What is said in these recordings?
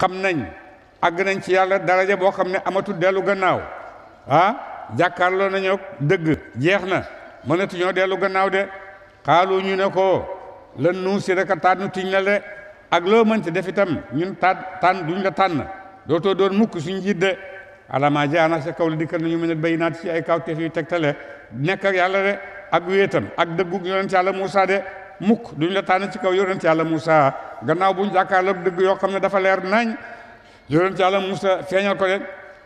xam nañ àgg nañ ci yàlla daraja boo xam ne amatul dellu gannaaw ah jàkkaarloo nañoo dëgg jeex na mënatuñoo dellu gannaaw de xaalu ñu ne ko lan nuu si rek a tànnu tiñ la de ak loo mën mënti def itam ñun tànn tànn duñ la tànn dootoo doon mukk suñ jiit de alama jaana sa kaw la dikkal nañu mel ne bayinaat ci ay kaw teef yu tegtale nekk ak yàlla de ak wéetam ak dëggug yonent yàlla Muusa de mukk duñ la tànn ci kaw yonent yàlla Moussa gannaaw buñ jàkkaarloog dëgg yoo xam ne dafa leer nañ yonent yàlla Moussa feeñal ko de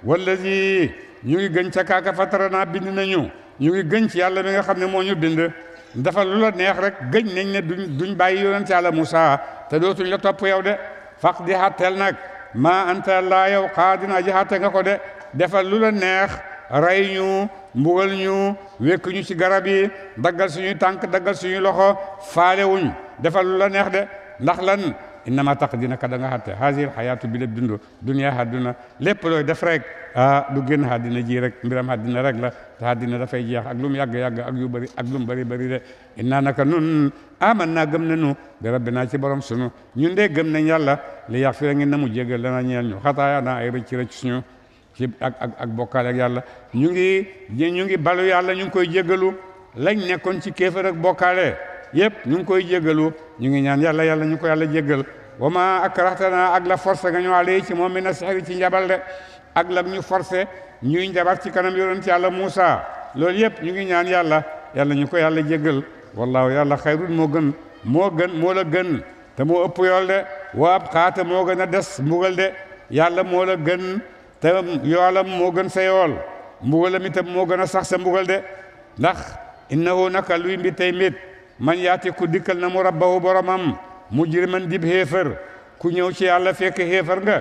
wala ji ñu ngi gën ca kaaka fatara naa bind ñu ngi gën ci yàlla mi nga xam ne moo ñu bind dafa lu la neex rek gën nañ ne duñ duñ bàyyi yonent yàlla Moussa te dootuñ la topp yow de faq di xatteel nag maa anta laa yow xaadin aji xatte nga ko de defal lu neex rey ñu mbugal ñu wekk ñu ci garab yi daggal suñuy tànk daggal suñuy loxo faale wuñ defal lu la neex de ndax lan innama taq dina ka da nga xatte hasil xayaatu bi lépp dund dunya hadduna lépp looy def rek ah du génn haddina ji rek mbiram haddina rek la te haddina dafay jeex ak lu mu yàgg-yàgg ak yu bëri ak lu mu bëri bëri de inna naka nun aman naa gëm nañu bi rabbina ci borom sunu ñun de gëm nañ yàlla li yaxfira ngeen na mu jégal lana ñeel ñu xataaya naa ay rëcc rëcc suñu ci ak ak ak bokal ak yalla ñu ngi ñu ngi balu yalla ñu koy jéggelu lañ nekkon ci kéfer ak bokalé yépp ñu koy jéggelu ñu ngi ñaan yalla yalla ñu ko yalla jéggel wama akrahtana ak la force nga ñu walé ci moom mi na sexri ci njabal dé ak la ñu forcé ñuy njabar ci kanam yonent yalla Muusa lool yépp ñu ngi ñaan yalla yalla ñu ko yalla jéggel wallahu yalla xayrun mo gën mo gën mo la gën te mo ëpp yool de wa ab xaata la gën te yoolam moo gën sa yool mbugalam itam moo gën a sax sa mbugal de ndax innahu naka luy mbi tey mbit man yaati ku dikkal na mu rabbahu boromam mujriman dib xéefar ku ñëw ci yàlla fekk xéefar nga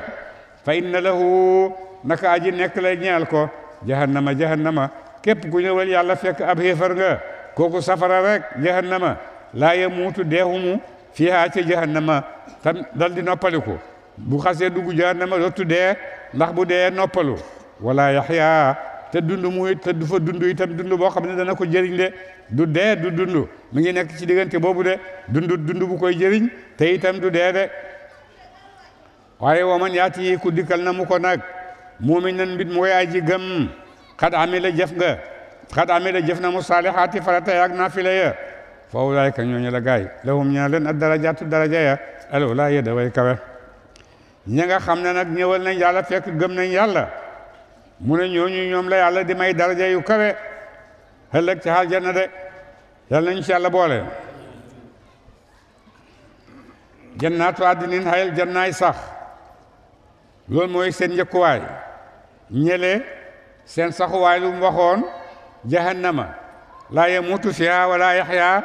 fa inna lahu naka aji nekk lay ñeel ko jahannama jahannama képp ku ñëwal yàlla fekk ab xéefar nga kooku safara rek jahannama laa yamuutu deexumu fiihaa ca jahannama tam dal di noppaliku bu xasee dugg jahannama dootu dee ndax bu dee noppalu wala yaxya te dund mu te du fa dund itam boo xam ne dana ko jëriñ de du dee du dund mi ngi nekk ci diggante boobu de dund dund bu koy jëriñ te itam du dee de waaye waman yaati yi ku dikkal na mu ko nag muminan mbit mooy aji gëm xad amila jëf nga xad amila jëf na mu saalihaati farata yaag naafila ya fa ulaayka ñooñu la gaay lahum ñaa leen ad darajaatu daraja ya al ulaa ya daway kawe ñi nga xam ne nag ñëwal nañ yàlla fekk gëm nañ yàlla mu ne ñooñu ñoom la yàlla di may daraja yu kawe ëllëg ci aljanna de yàlla nañ ci yàlla boole jannaatu àddinin xayal jannaay sax loolu mooy seen njëkkuwaay ñële seen saxuwaay lu mu waxoon jahannama laa yamuutu fiha wala yaxya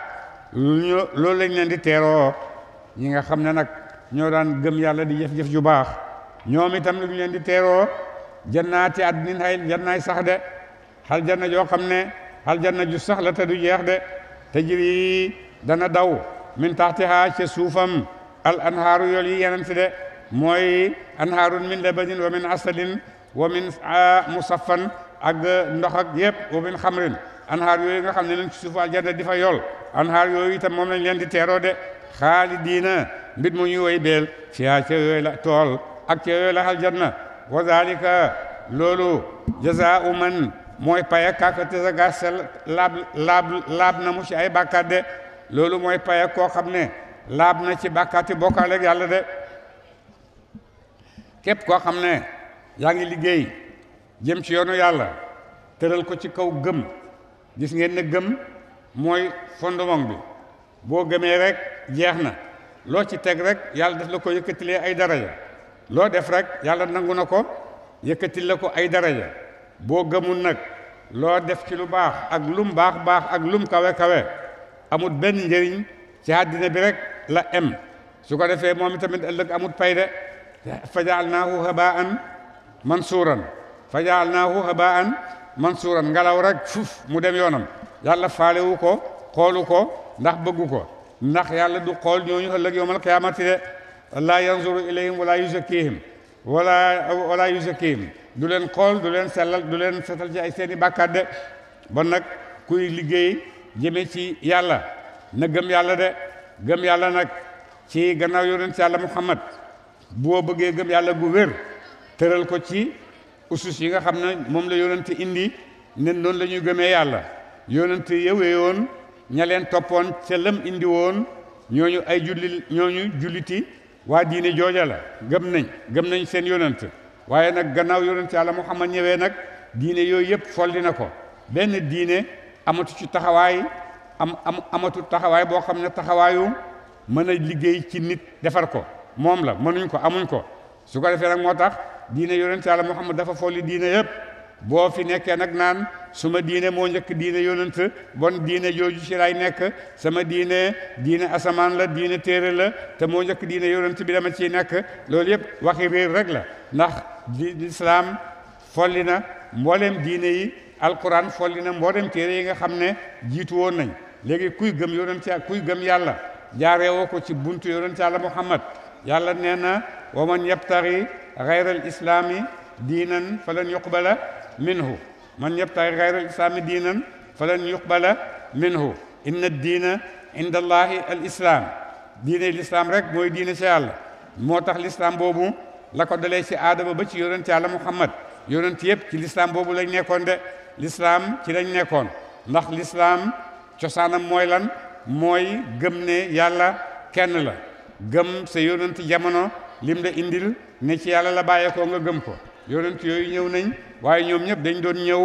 loolu lañ leen di teeroo ñi nga xam ne nag ñoo daan gëm yàlla di jëf-jëf ju baax ñoom itam lu ñu leen di teeroo jannaati adnin hay jannaay sax de xal janna joo xam ne xal janna ju sax la te du jeex de tajri dana daw min taxtiha ca suufam al anhaaru yool yi yeneen si de mooy anhaarun min lebanin wa min asalin wa min musaffan ak ndox ak yëpp wa min xamrin anhaar yooyu nga xam ne leen ci suufu aljanna di fa yool anhaar yooyu itam moom lañ leen di teeroo de xaalidiina mbit mu ñu woy beel fiyaa ca la tool ak ca la aljanna wa zalika loolu jazaa'u man mooy paya kaka te sa gas laab laab laab na mu ci ay bàkkaat de loolu mooy paya koo xam ne laab na ci bàkkaati bokkaale ak yàlla de képp koo xam ne yaa ngi liggéey jëm ci yoonu yàlla tëral ko ci kaw gëm gis ngeen ne gëm mooy fondement bi boo gëmee rek jeex na lo ci teg rek yàlla daf la ko yëkkatilee ay daraja loo def rek yàlla nangu na ko yëkkatil la ko ay daraja boo gëmul nag loo def ci lu baax ak lum baax baax ak lum kawe kawe amut benn njëriñ ci àddina bi rek la em su ko defee moom tamit ëllëg amut pay de fajaalnaahu habaan mansuuran fajaalnaahu habaan mansuuran ngelaw rek fuf mu dem yoonam yàlla faalewu ko xoolu ko ndax bëggu ko ndax yàlla du xool ñooñu ëllëg yowmal qiyaamati de la yanzuru ilayhim wala yuzakihim wala wala yuzakkihim du leen xool du leen sellal du leen setal ci ay seeni bàkkaat de bon nag kuy liggéey jëme ci yàlla na gëm yàlla de gëm yàlla nag ci gannaaw ci yàlla muhammad boo bëggee gëm yàlla gu wér tëral ko ci usus yi nga xam ne moom la yonent indi ne noonu la ñuy gëmee yàlla yonent yëwee ña leen toppoon ca lam indi woon ñooñu ay julli ñooñu julliti waa diine jooja la gëm nañ gëm nañ seen yonent waaye nag gannaaw yonent yàlla Muhammad ñëwee nag diine yooyu yëpp folli na ko benn diine amatu ci taxawaay am am amatu taxawaay boo xam ne taxawaayu mën a liggéey ci nit defar ko moom la mënuñ ko amuñ ko su ko defee nag moo tax diine yonent yàlla Muhammad dafa folli diine yëpp boo fi nekkee nag naan suma diine moo njëkk diine yonent bon diine jooju ci lay nekk sama diine diine asamaan la diine téere la te moo njëkk diine yonent bi dama ciy nekk loolu yëpp waxi réer rek la ndax lislaam folli na mboolem diine yi alquran folli na mboolem téere yi nga xam ne jiitu woon nañ léegi kuy gëm yonent yàlla kuy gëm yàlla jaaree woo ko ci buntu yonent yàlla muhammad yàlla nee na waman yabtari xayral islaami diinan falan yuqbala منه من يبتغي غير الإسلام دينا فلن يقبل منه inna diina inda allahi al islam diine l'islam rek mooy diine si yàlla moo tax l'islam boobu la ko dalee si aadama ba ci yonent yàlla muhammad yonent yëpp ci l'islam boobu lañ nekkoon de l'islam ci lañ nekkoon ndax l'islam cosaanam mooy lan mooy gëm ne yàlla kenn la gëm sa yonent jamono lim da indil ne ci yàlla la bàyyeekoo nga gëm ko yonent yooyu ñëw nañ waaye ñoom ñëpp dañ doon ñëw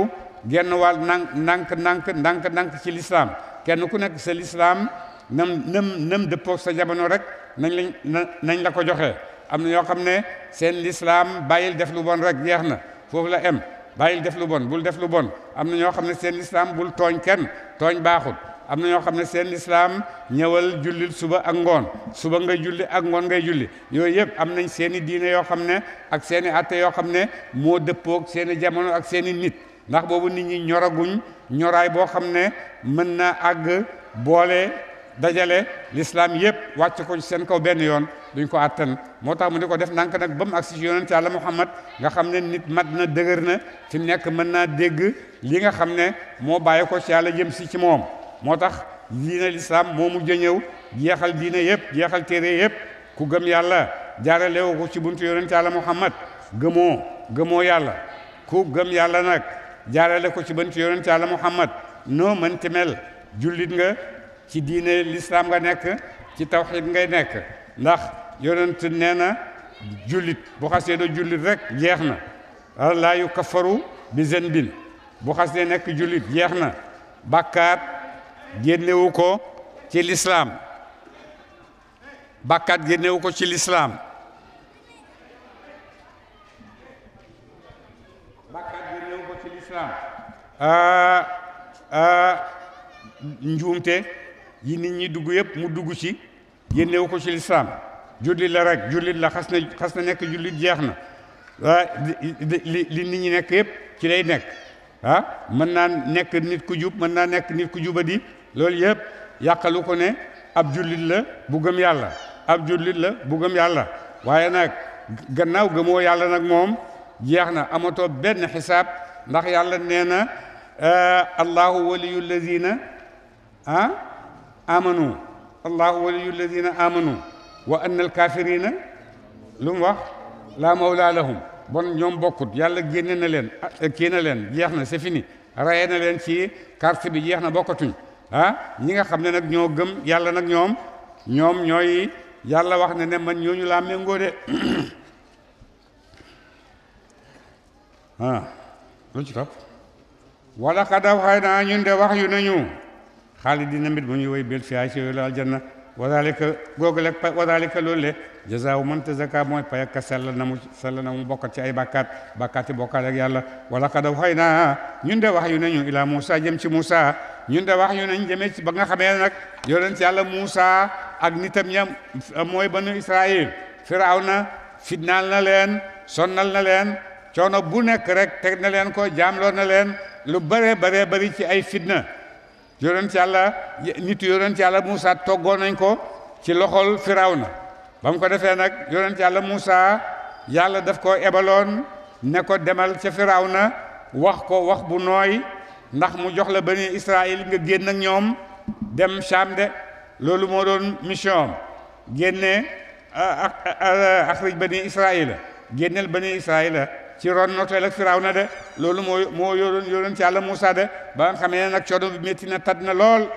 genn wàll nank nank nank nank nank ci lislaam kenn ku nekk sa lislaam nam nam nam sa jamono rek nañ lañ nañ la ko joxe am na ñoo xam ne seen lislaam bàyyil def lu bon rek jeex na foofu la em bàyyil def lu bon bul def lu bon am na ñoo xam ne seen lislaam bul tooñ kenn tooñ baaxul am na ñoo xam ne seen lislaam ñëwal jullil suba ak ngoon suba ngay julli ak ngoon ngay julli yooyu yëpp am nañ seeni i diine yoo xam ne ak seen atte yoo xam ne moo dëppoog seen i jamono ak seen i nit ndax boobu nit ñi ñoraguñ ñoraay boo xam ne mën naa àgg boole dajale lislaam yëpp wàcc ko seen kaw benn yoon duñ ko àttan moo tax mu di ko def ndànk nag ba mu agsi ci yonent yàlla Muhammad nga xam ne nit mat na dëgër na ci nekk mën naa dégg li nga xam ne moo bàyyi ko ci yàlla jëm si ci moom moo tax diine lislaam moo mujj a ñëw jeexal diine yëpp jeexal téere yëpp ku gëm yàlla jaarale woo ko ci buntu yonent yàlla muhammad gëmoo gëmoo yàlla ku gëm yàlla nag jaarale ko ci buntu yonent yàlla muhammad noo mënti mel jullit nga ci diine lislaam nga nekk ci tawxid ngay nekk ndax yonent nee na jullit bu xasee doo jullit rek jeex na laa yu kafaru bi zenbin bu xasee nekk jullit jeex na bàkkaat génnewu ko ci lislaam bàkkaat génnewu ko ci lislaam bàkkaat génnewu ko ah, ah, njuumte yi nit ñi dugg yëpp mu dugg ci génnewu ko ci lislaam jullit la rek jullit la xas na nekk jullit jeex na ah, li li nit ñi nekk yëpp ci lay nekk mën naa nekk nit ku mën naa nekk nit ku jubadi loolu yëpp yàqalu ko ne ab jullit la bu gëm yàlla ab jullit la bu gëm yàlla waaye nag gannaaw gëmoo yàlla nag moom jeex na amatoo benn xisaab ndax yàlla nee na allahu waliyu lazina ah amanu allahu waliyu lazina amanu wa anna alkafirina lu mu wax la mawla lahum bon ñoom bokkut yàlla génne na leen kii na leen jeex na c'est fini raye na leen ci carte bi jeex na bokkatuñ ah ñi nga xam ne nag ñoo gëm yàlla nag ñoom ñoom ñooy yàlla wax ne ne man ñooñu laa méngoo de ah lu ci topp wala xadaw xay naa ñun de wax yu nañu xaali dina mbit bu ñuy woy bel fiaay si yooyu la aljanna wazalika googule wazalika loolu le jazaawu man tazakka mooy pay ak sell na mu sell na mu bokkat ci ay bàkkaat bàkkaati bokkaat ak yàlla wala xadaw xay naa ñun de wax yu nañu ilaa Muusa jëm ci Muusa ñun de wax yu nañ jëmee ci ba nga xamee nag yonent yàlla Muusa ak nitam ñam mooy banu Israël Firawna fitnaal na leen sonnal na leen coono bu nekk rek teg na leen ko jaamloo na leen lu bëree bëree bëri ci ay fitna yonent yàlla nitu yonent yàlla Muusa toggoon nañ ko ci loxol Firawna ba ko defee nag yonent yàlla Muusa yàlla def ko ebaloon ne ko demal ca Firawna wax ko wax bu nooy ndax mu jox la bani israël nga génn ak ñoom dem Sham de loolu moo doon mission génne axrij bani israël génneel bani israël ci ron noteel ak firaw na de loolu moo moo yoroon yoroon ci yàlla Moussa de ba nga xamee ne nag coono bi métti na tat na lool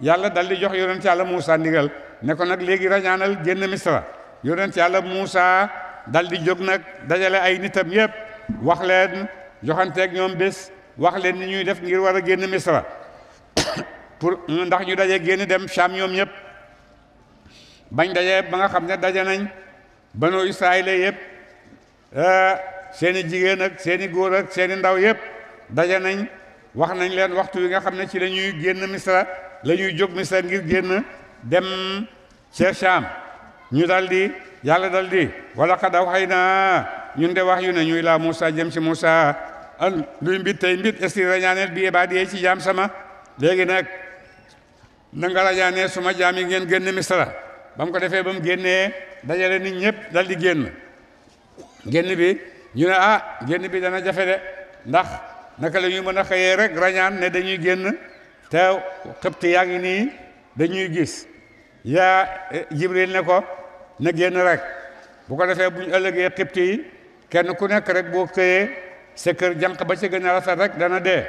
yàlla dal di jox yoroon ci yàlla Moussa ndigal ne ko nag léegi rañaanal génn Misra yoroon ci yàlla Moussa dal di jóg nag dajale ay nitam yépp wax leen joxanteeg ñoom bés wax leen ni ñuy def ngir war a génn misra pour ndax ñu daje génn dem Sham ñoom ñëpp bañ daje ba nga xam ne daje nañ banu Israayil yëpp eh, seeni jigéen ak seeni góor ak seeni ndaw yëpp daje nañ wax nañ leen waxtu wi nga xam ne ci lañuy génn misra lañuy ñuy jóg misra ngir génn dem ca Sham ñu daldi yàlla dal di wala xad awxay naa ñun de wax yu ne ñuy laa Muusa jëm si Muusa luy mbit tey mbit est-ce que rañaaneel bi ba diyee ci jaam sama léegi nag na nga rañaanee suma jaam yi ngeen génn misra ba mu ko defee ba mu génnee dajale nit ñëpp dal di génn génn bi ñu ne ah génn bi dana jafe de ndax naka la ñuy mën a xëyee rek rañaan ne dañuy génn te xëpti yaa ngi nii dañuy gis yaa eh, jibril ne ko na génn rek bu ko defee bu ñu ëllëgee xëpti yi kenn ku nekk rek boo xëyee sa kër jànq ba ca gën a rafet rek dana dee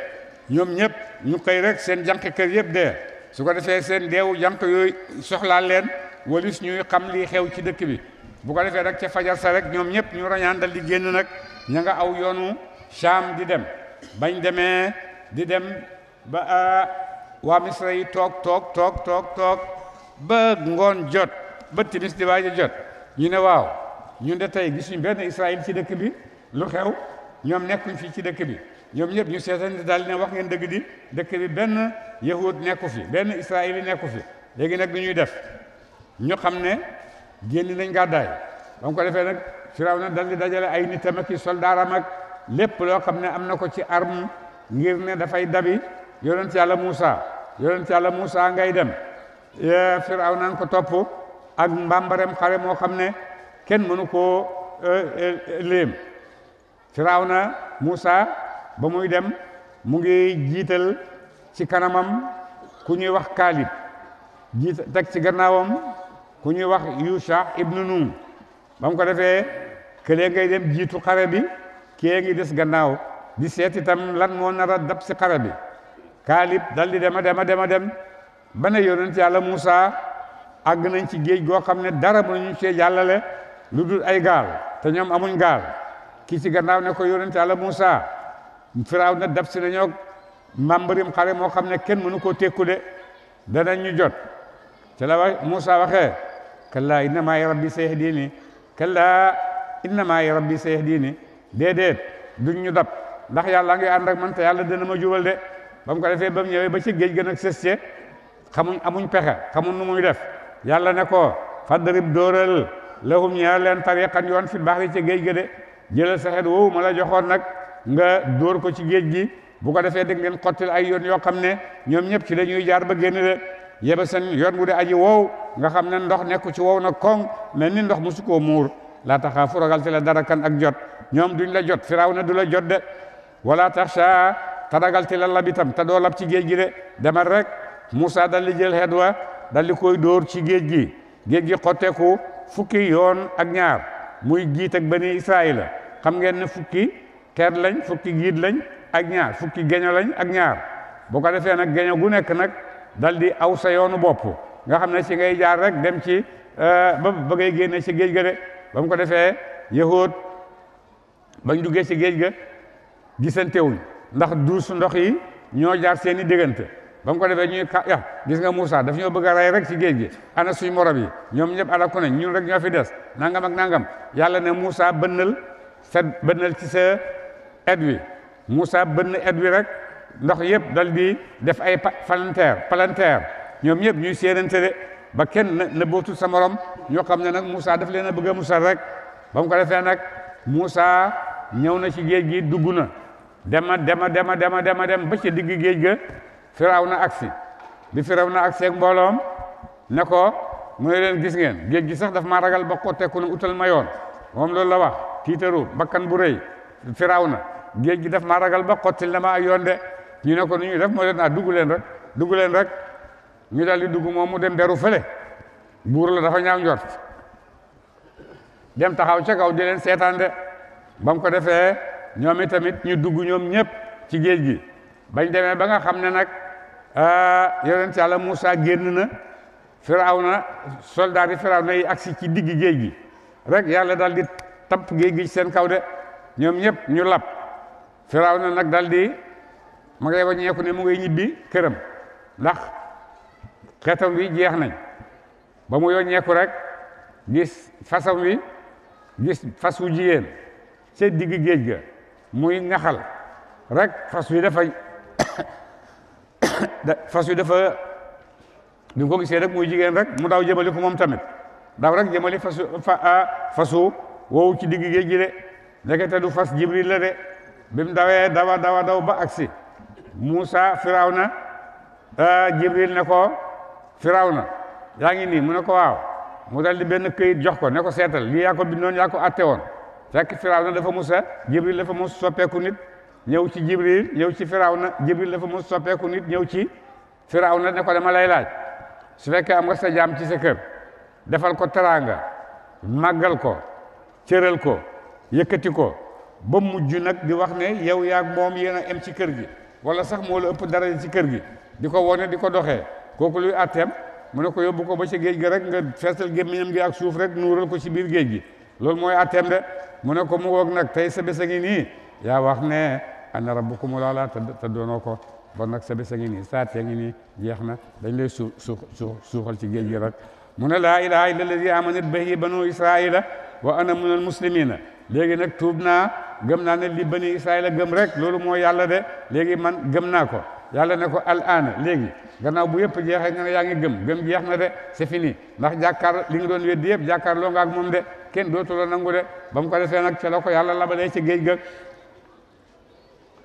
ñoom ñëpp ñu këy rek seen jànq kër yëpp dee su ko defee seen deewu jànq yooyu soxlaa leen walis ñuy xam lii xew ci dëkk bi bu ko defee nag ca fajar sa rek ñoom ñëpp ñu rañaandal di génn nag ña nga aw yoonu Saam di dem bañ demee di dem ba waa Misra yi toog toog toog toog toog ba ngoon jot ba timis di waaj jot ñu ne waaw ñu de tey gisuñ benn Israël si dëkk bi lu xew ñoom nekkuñ fii ci dëkk bi ñoom ñëpp ñu seetaan daal ne wax ngeen dëgg di dëkk bi benn yahud nekku fi benn israeli nekku fi léegi nag du ñuy def ñu xam ne génn nañ gàddaay ba ko defee nag Firawna dal di dajale ay nitam ak i soldaaram ak lépp loo xam ne am na ko ci arme ngir ne dafay dabi yonent yàlla Muusa yonent yàlla Muusa ngay dem Firawna ko topp ak mbaambareem xare moo xam ne kenn mënu koo eh, eh, eh, léem firawna Muusa ba muy dem mu ngi jiital ci kanamam ku ñuy wax Kaalib jiital teg ci gannaawam ku ñuy wax Yusha ibnu Nun ba mu ko defee këlee ngay dem jiitu xare bi kee ngi des gannaaw di seet itam lan moo nar a dab si xare bi Kaalib dal di dema dem a dem ba ne yonent yàlla Muusa àgg nañ ci géej goo xam ne dara mënuñu see jàllale lu dul ay gaal te ñoom amuñ gaal ki ci gannaaw ne ko yonent Yàlla Moussa firaaw na dab si nañoo mambarim xare moo xam ne kenn mënu koo tekku de danañ ñu jot ca musa wa Moussa waxee kalla innama rabbi sayahdini kalla innama rabbi sayahdini déedéet duñ ñu dab ndax yàlla ngi ànd man te yàlla dana ma jubal de ba mu ko defee ba mu ba ci géej gën ak sësce xamuñ amuñ pexe xamuñ nu muy def yàlla ne ko fadrib dóoral lahum ñeel leen tariqan yoon fi bahri ci géej ga de jëlal saxet woowu ma la joxoon nag nga dóor ko ci géej gi bu ko defee dégg ngeen xottil ay yoon yoo xam ne ñoom ñëpp ci la ñuy jaar ba génn de yebe seen yoon bu dee aji wow nga xam ne ndox nekku ci wow na koŋ mel ni ndox musu koo muur laa taxaa fu ragal te la dara kan ak jot ñoom duñ la jot firaw na du la jot de wala taxsha te ragal te la lab itam te doo lab ci géej gi de demal rek Moussa dal di jël xeet wa dal di koy dóor ci géej gi géej gi xotteeku fukki yoon ak ñaar muy giit ak bani la xam ngeen ne fukki teer lañ fukki giit lañ ak ñaar fukki geño lañ ak ñaar bu ko defee nag geño gu nekk nag dal di aw sa yoonu bopp nga xam ne ci ngay jaar rek dem ci euh, ba ba ngay génne ci géej ga de ba mu ko defee yahóot bañ duggee ci géej ga gisantewuñ ndax duusu ndox yi ñoo jaar seeni diggante ba mu ko defee ñuy ka gis nga Moussa daf ñoo bëgg a rek ci géej gi ana suñu morom yi ñoom ñëpp alaku nañ ñun rek ñoo fi des nangam ak nangam yàlla ne Moussa bënnal sa bënnal ci sa et wi Moussa bënn et wi rek ndox yëpp dal di def ay palanteer palanteer ñoom ñëpp ñuy séenante de ba kenn na bootul sa morom ñoo xam ne nag Moussa daf leen a bëgg a musal rek ba mu ko defee nag Moussa ñëw na ci géej gi dugg na dema dema dema dema dema dem ba ci digg géej ga firaw na agsi bi firaw na agsi ak mbooloom ne ko mu ne leen gis ngeen géej gi sax daf maa ragal ba xotteeku na utal ma yoon moom loolu la wax tiitaru bakkan bu rëy firaw na géej gi daf maa ragal ba xottil na ma ay yoon de ñu ne ko nu ñuy def moo leen naa ah, dugg leen rek leen rek ñu daal di duggu moom mu dem beru fële buur la dafa ñaaw njort dem taxaw ca kaw di leen seetaan de ba ko defee ñoom itamit ñu dugg ñoom ñëpp ci géej gi bañ demee ba nga xam ne nag ah, yonent yàlla Moussa génn na Firawna soldat yi Firawna yi agsi ci digg géej gi rek yàlla daal di tapp géej gi ci seen kaw de ñoom ñëpp ñu lab na nag daldi mu ma ngay waññeeku ne mu ngay ñibbi këram ndax xeetam wi jeex nañ ba mu yoññeeku rek gis fasam wi gis fas wu jigéen ca digg géej ga muy ngaxal rek fas wi dafa fas yu dafa bi ko gisee rek muy jigéen rek mu daw jëmali ko moom tamit daaw rek jëmali fasu fa fasu ci digg géej gi de ndekete du fas jibril la de bi mu dawee dawa dawa daw ba agsi Muusa Firawna jibril ne ko Firawna yaa ngi nii mu ne ko waaw mu dal di benn këyit jox ko ne ko seetal lii yaa ko bindoon yaa ko atte woon fekk Firawna dafa musa jibril dafa mus soppeeku nit ñëw ci jibril ñëw ci firawna jibril dafa mu soppeeku nit ñëw ci na ne ko dama lay laaj su fekkee am nga sa jaam ci sa kër defal ko teraanga màggal ko cëral ko yëkkati ko ba mujj nag di wax ne yow yaag moom yéen a em ci kër gi wala sax moo la ëpp dara ci kër gi di ko wone di ko doxee kooku luy àtteem mu ne ko yóbbu ko ba ci géej gi rek nga feesal gémmiñam gi ak suuf rek nuural ko ci biir géej gi loolu mooy àtteem de mu ne ko mu woog nag tey sa bés nii yaa ne ana rabbukum la la doonoo ko bon nak sa bés a ngi nii saate ya ngi nii jeex dañ lay su su su suuxal ci géej gi rek mu ilaha illa allazi amanat bihi banu israila wa ana min almuslimina legi nak tubna naa ne li bani israila gem rek lolu mo yalla de legi man gemnako, naa ko yalla ne ko al ana léegi gannaaw bu yep jeexay nga ne gem gem gëm jeex na de c'est fini ndax jakar li nga don weddi yep jakar lo nga ak mom de ken la de bam ko defé nak ci la ko ci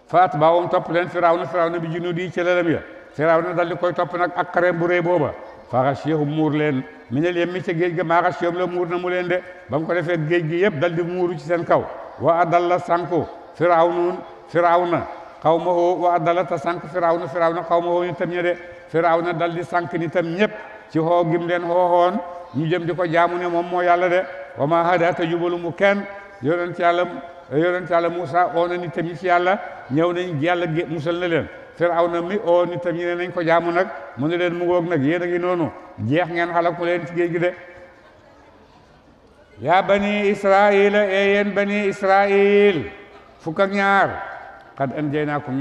faat baawum topp leen firawna firawna bi junuudi ci lalam ya firawna dal di koy topp nag ak xareem bu rëy booba faxasiyahum muur leen minal yemmi ca géej ga maaxasiyahum la muur na mu leen de ba mu ko defee géej gi yëpp dal di muuru ci seen kaw wa adalla sànku firawnun firawna xawmahu wa adalla ta sànk firawna firawna xawmahu ñu tam ñe de firawna dal di sànk ni tam ñëpp ci xoo gim leen xooxoon ñu jëm di ko jaamu ne moom moo yàlla de wa ma hada ta jubalu mu kenn yonent yàlla Eh, yonent yàlla Moussa musa na ni tamit ci yàlla ñëw nañ yàlla musal na leen Firawna mi oo ni tamit ne nañ ko jaamu nag mu ne leen mu ngoog nag yéen a ngi noonu jeex ngeen xalaku leen ci géej gi de yaa bani israila ee eh, yéen bani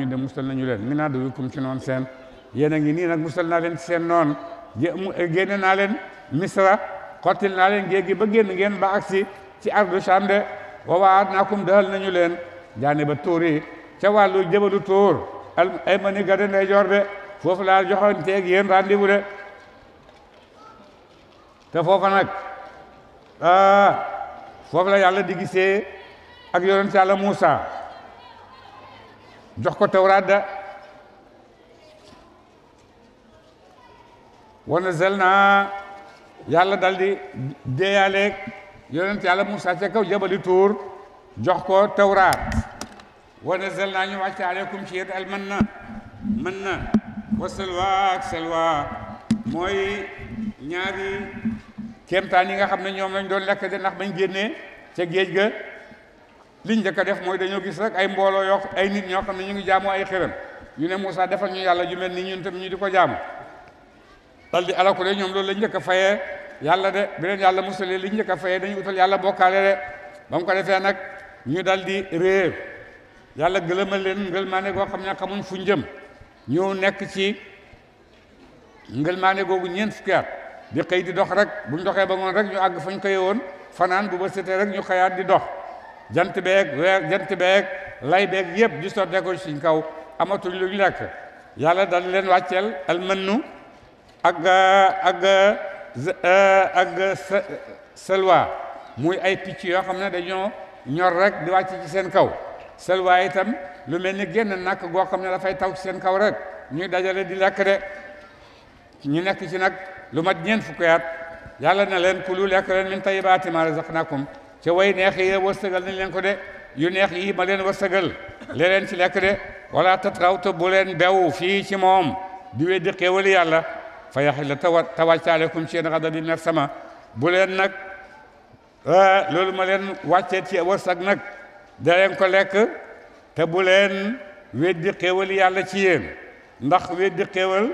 de musal nañu leen mi naa duwikum ci noon seen yéen a ngi nii nag musal naa leen ci seen noon eh, génne naa leen misra xottil naa leen géej gi ba génn ngeen ba agsi ci ardu Sham de wa waat naakum dal nañu leen jaani ba tuur yi ca wàllu jëbalu tuur ay mani ga de joor de foofu laa joxoon teeg yéen rendez-vous de te foofa nag ah, foofu la yàlla di gisee ak yonent yàlla Muusa jox ko tawraat da wa nazzalnaa yàlla daldi di deeyaaleeg yonent yàlla Moussa ca kaw jabali tuur jox ko tawraat wane nazal naa ñu wàcce aleykum ci yéen al man na man na wa salwa ak salwa mooy ñaari kéemtaan yi nga xam ne ñoom lañ doon lekk de ndax bañ génne ca géej ga liñ njëkk def mooy dañoo gis rek ay mbooloo yoo ay nit ñoo xam ne ñu ngi jaamu ay xërëm ñu ne Moussa defal ñu yàlla ju nii ni ñun tam ñu di ko jaamu dal de ñoom loolu la njëkk a yàlla de bi leen yàlla musalee li ñu njëkk a fayee utal yàlla bokkaale de ba mu ko defee nag ñu dal di réer yàlla gëlëmal leen ngëlmaane goo xam ne xamuñ fu njëm ñu nekk ci ngëlmaane googu ñeent fukki at di xëy di dox rek buñ doxee ba ngoon rek ñu àgg fañ xëyee woon fanaan bu ba setee rek ñu xëyaat di dox jant beeg jant beeg lay beeg yëpp di sottee ko suñ kaw amatuñ luñ lekk yàlla dal leen wàcceel almannu ak E ak selwa muy ay picc yoo xam ne dañoo ñor rek di wàcc ci seen kaw selwa itam lu mel ni génn nak goo xam ne dafay taw ci seen kaw rek ñuy dajale di lekk de ñu nekk ci nag lu mat ñeent fu at yàlla na leen kulu lekk leen min tayyibaati maa razaqnaakum ca way neex yi wërsëgal nañ leen ko de yu neex yi ma leen wërsëgal lee leen ci lekk de wala tatraw te bu leen bew fii ci moom di weddi xéewali yàlla fa yaxilla tawa tawàcc aleykum seen سما nar sama bu leen nag loolu ma leen wàccee ci wërsëg nag da leen ko lekk te bu yàlla ci yéen ndax weddi xéewal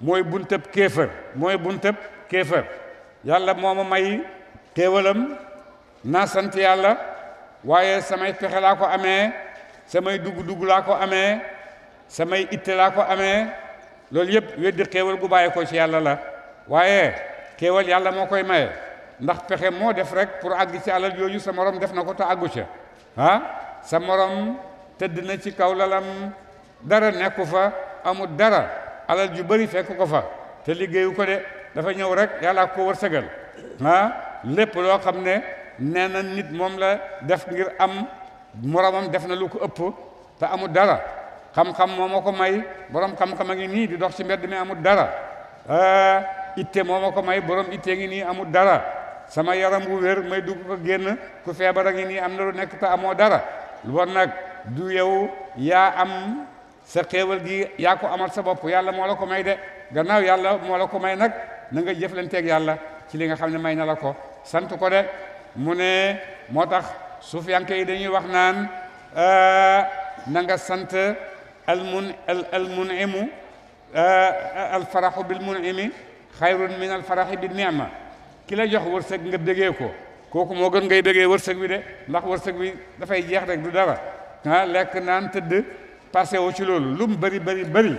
mooy buntëb kéefër mooy buntëb kéefër yàlla moo ma may xéewalam naa sant yàlla waaye samay pexe laa ko amee samay dugg-dugg laa ko amee samay itte laa ko amee loolu yëpp weddi xéewal gu bàyyi ko ci yàlla la waaye xéewal yàlla moo koy maye ndax pexe moo def rek pour àgg ci alal yooyu sa morom def na ko te àggu ca ah sa morom tëdd na ci kaw lalam dara nekku fa amut dara alal ju bëri fekk ko fa te liggéeyu ko de dafa ñëw rek yàlla ko wërsëgal ah lépp loo xam ne nee na nit moom la def ngir am moromam def na lu ko ëpp te amul dara xam-xam moo ko may borom xam-xam ngi ni di dox ci mbedd mi amul dara eh, itte moo ma ko may borom itte ngi ni amul dara sama yaram bu wer may dug ko genn ku febar ngi ni amna lu nek ta amo dara lu won nak du yow ya am sa xewal gi ya ko amal sa bop yalla mo la ko may de gannaaw yalla mo la ko may nak na nga ak yalla ci li nga xamne may na la ko sant ko de mune motax dañuy wax naan eh, na nga sante almun almunimu alfaraxu bilmunimi xayrun min alfaraxi bi niama ki la jox wërsëg nga bégee ko kooku moo gën ngay bégee wërsëg wi de ndax wërsëg wi dafay jeex rek du dara ah lekk naan tëdd passé wu ci loolu lu bari bëri bari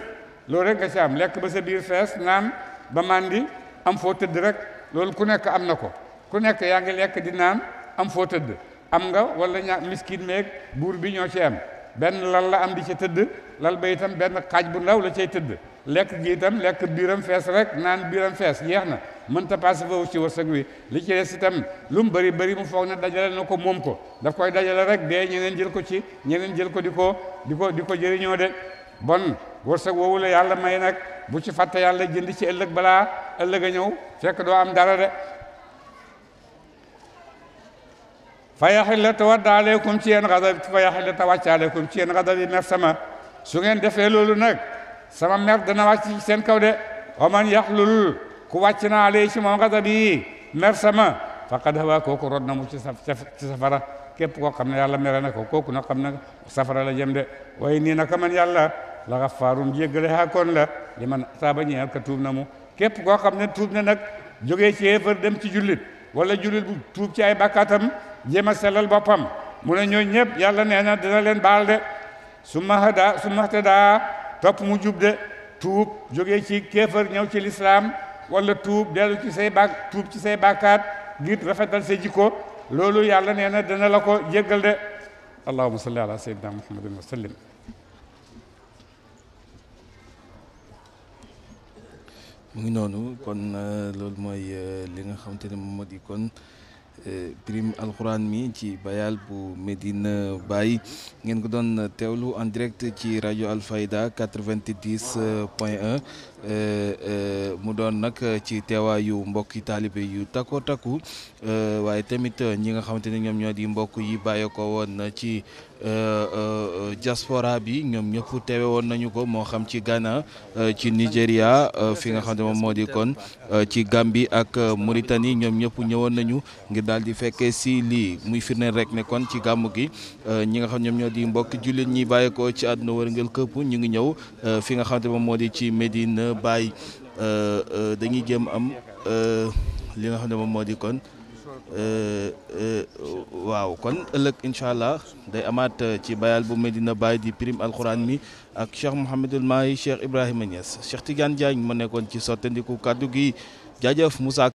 loolu rek nga ci am lekk ba sa biir fees naan ba màndi am foo tëdd rek loolu ku nekk am na ko ku nekk yaa ngi lekk di naan am foo tëdd am nga wala ña miskin meeg buur bi ñoo ci am benn lal la am di ca tëdd lal ba itam benn xaaj bu ndaw la cay tëdd lekk gi itam lekk biiram fees rek naan biiram fees jeex na mën mënta passé foofu ci wërsëg wi li ci des itam lu mu bëri bëri mu foog ne dajale na ko moom ko daf koy dajale rek dee ñeneen jël ko ci ñeneen jël ko di ko di ko di ko jëriñoo de bon wërsëg woowu la yàlla may nag bu ci fàtte yàlla jënd ci ëllëg balaa ëllëg a ñëw fekk doo am dara de fa yaxillata wadd aleykum ci yéen xadab fa yaxillata wàcc aleykum ci yéen xadab yi mer sama su ngeen defee loolu nag sama mer dana wàcc ci seen kaw de waman yaxlul ku wàcc na aley ci moom xadab yi mer sama faqad hawa kooku rod na mu ci safara képp koo xam ne yàlla mere na ko kooku na kam ne safara la jem de waaye nii naka man yàlla la xafaarun jéggale xaakoon la li man taaba ñeel ka tuub na mu képp koo xam ne tuub na nag jógee ci yéefar dem ci jullit wala jullit bu tuub ci ay bàkkaatam jéem a sellal boppam mu ne ñooñu ñëpp yàlla nee na dina leen baal de summa hada summa htada topp mu jub de tuub jógee ci kéefër ñëw ci lislaam wala tuub dellu ci say bak tuub ci say bàkkaat ngir rafetal sa jikko loolu yàlla nee na dana la ko jéggal de allahumma salli ala sayyidina muhammadin wa sallim mu ngi noonu kon euh, loolu mooy euh, li nga xamante ne moom moo di kon prime euh, alxuraan mi ci bayal bu Medina bàyyi ngeen ko doon teewlu en direct ci rajo Alfayda 90 point 1 Eh, eh, mu doon nag eh, ci teewaayu mbokki taalibe yu takko takku waaye tamit ñi nga xamante ne ñoom ñoo di mbokk yi bàyyeekoo woon na ci jaspora bi ñoom ñëpp teewe woon nañu ko moo xam ci Ghana ci Nigéria fi nga xam ne moom moo di kon ci bi ak Mauritanie ñoom ñëpp ñëwoon nañu ngir daal di fekkee si lii muy firndeel rek ne kon ci gàmm gi ñi nga xam ñoom ñoo di mbokk jullit ñi bàyyeekoo ci àdduna wërngël këpp ñu ngi ñëw fi nga xam moo di ci Médine a bàyyi euh, euh, dañuy jéem am euh, li nga xam ne moom moo di kon waaw kon ëllëg incha allah day amaat ci bayal bu dina Baye di prime alxuraan mi ak Cheikh Mouhamadul Mahi Cheikh Ibrahima Niass Cheikh Tidiane Diagne moo nekkoon ci sottandiku kàddu gi jaajëf Moussa